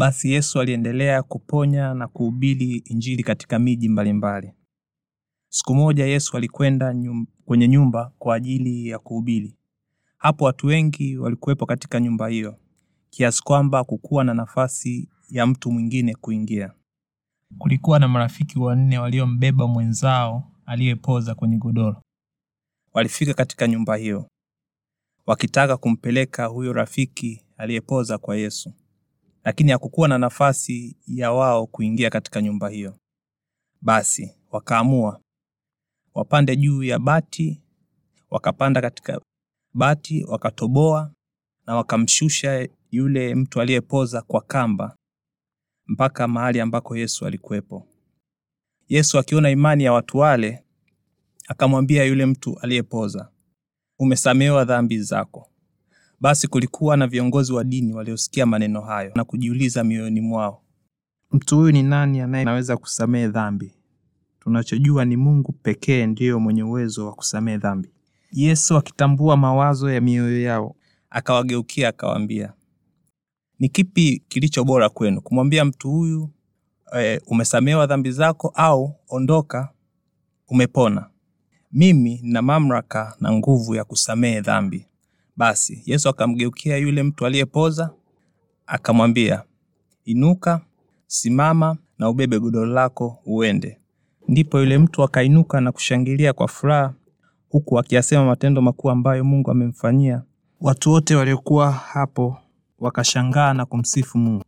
Basi Yesu aliendelea kuponya na kuhubiri Injili katika miji mbalimbali. Siku moja Yesu alikwenda nyum, kwenye nyumba kwa ajili ya kuhubiri. Hapo watu wengi walikuwepo katika nyumba hiyo, kiasi kwamba kukuwa na nafasi ya mtu mwingine kuingia. Kulikuwa na marafiki wanne waliombeba mwenzao aliyepoza kwenye godoro. Walifika katika nyumba hiyo wakitaka kumpeleka huyo rafiki aliyepoza kwa Yesu lakini hakukuwa na nafasi ya wao kuingia katika nyumba hiyo. Basi wakaamua wapande juu ya bati, wakapanda katika bati, wakatoboa na wakamshusha yule mtu aliyepoza kwa kamba mpaka mahali ambako Yesu alikuwepo. Yesu akiona imani ya watu wale, akamwambia yule mtu aliyepoza, umesamehewa dhambi zako. Basi kulikuwa na viongozi wa dini waliosikia maneno hayo na kujiuliza mioyoni mwao, mtu huyu ni nani anayeweza kusamehe dhambi? Tunachojua ni Mungu pekee ndiyo mwenye uwezo wa kusamehe dhambi. Yesu akitambua mawazo ya mioyo yao, akawageukia akawaambia, ni kipi kilicho bora kwenu, kumwambia mtu huyu e, umesamehewa dhambi zako, au ondoka, umepona? Mimi nina mamlaka na nguvu ya kusamehe dhambi. Basi Yesu akamgeukia yule mtu aliyepoza akamwambia, inuka, simama na ubebe godoro lako uende. Ndipo yule mtu akainuka na kushangilia kwa furaha, huku akiyasema matendo makuu ambayo Mungu amemfanyia. Watu wote waliokuwa hapo wakashangaa na kumsifu Mungu.